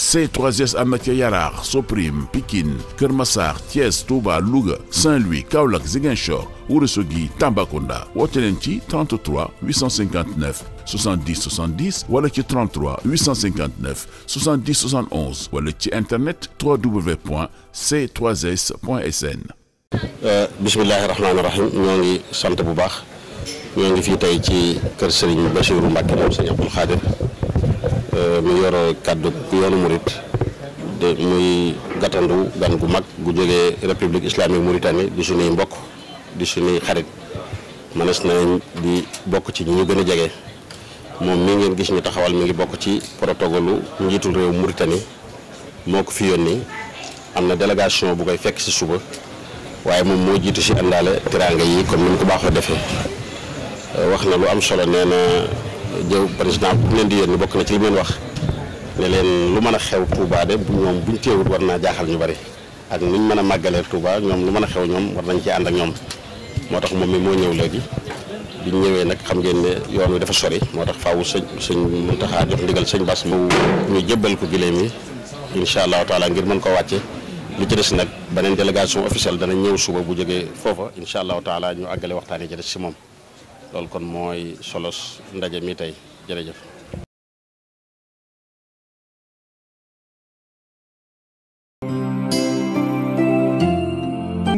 c 3 am na ca Yaraax Soprim Pikine Kër Massar Thiès Touba Louga Saint-Louis Kaolack Ziguinchor Ourossogui Tambacounda woote leen ci 33 859 70 70 wala ci 33 859 70 71 wala ci internet www.c3s.sn. Euh, bismillahi rahmaani rahim ñoo ngi sant bu baax ñoo ngi fii tey ci kër Serigne Bassirou Mbacke moom Serigne Abdoul Khadir. mi yore kàddu yoonu murit de muy gàttandu gan gu mag gu jógee république islamique Mauritanie di suñuy mbokk di suñuy xarit mënees nañ di bokk ci ñu gën a jege moom mi ngeen gis ñu taxawal mi ngi bokk ci protocole njiitul réew Mauritanie moo ko fi ni am na délégation bu koy fekk si suba waaye moom moo jiitu si àndaale teraanga yi comme ni mu ko baaxoo defee wax na lu am solo nee na jëw président bu leen di yónni bokk na ci li mu wax. ne leen lu mën a xew Touba de ñoom buñ teewut war naa jaaxal ñu bari ak ñu mën a màggalee Touba ñoom lu mën a xew ñoom war nañ ci ànd ak ñoom moo tax moom mi moo ñëw léegi biñ ñëwee nag xam ngeen ne yoon wi dafa sori moo tax faaw sëñ sëñ Muntaxa jox ndigal sëñ bas mu ñu jébbal ko gileem yi incha allahu taala ngir mën ko wàcce lu ci des nag beneen délégation officielle dana ñëw suba bu jógee foofa incha allahu taala ñu àggale waxtaan yi ci des si moom loolu kon mooy solos ndaje mi tey jërëjëf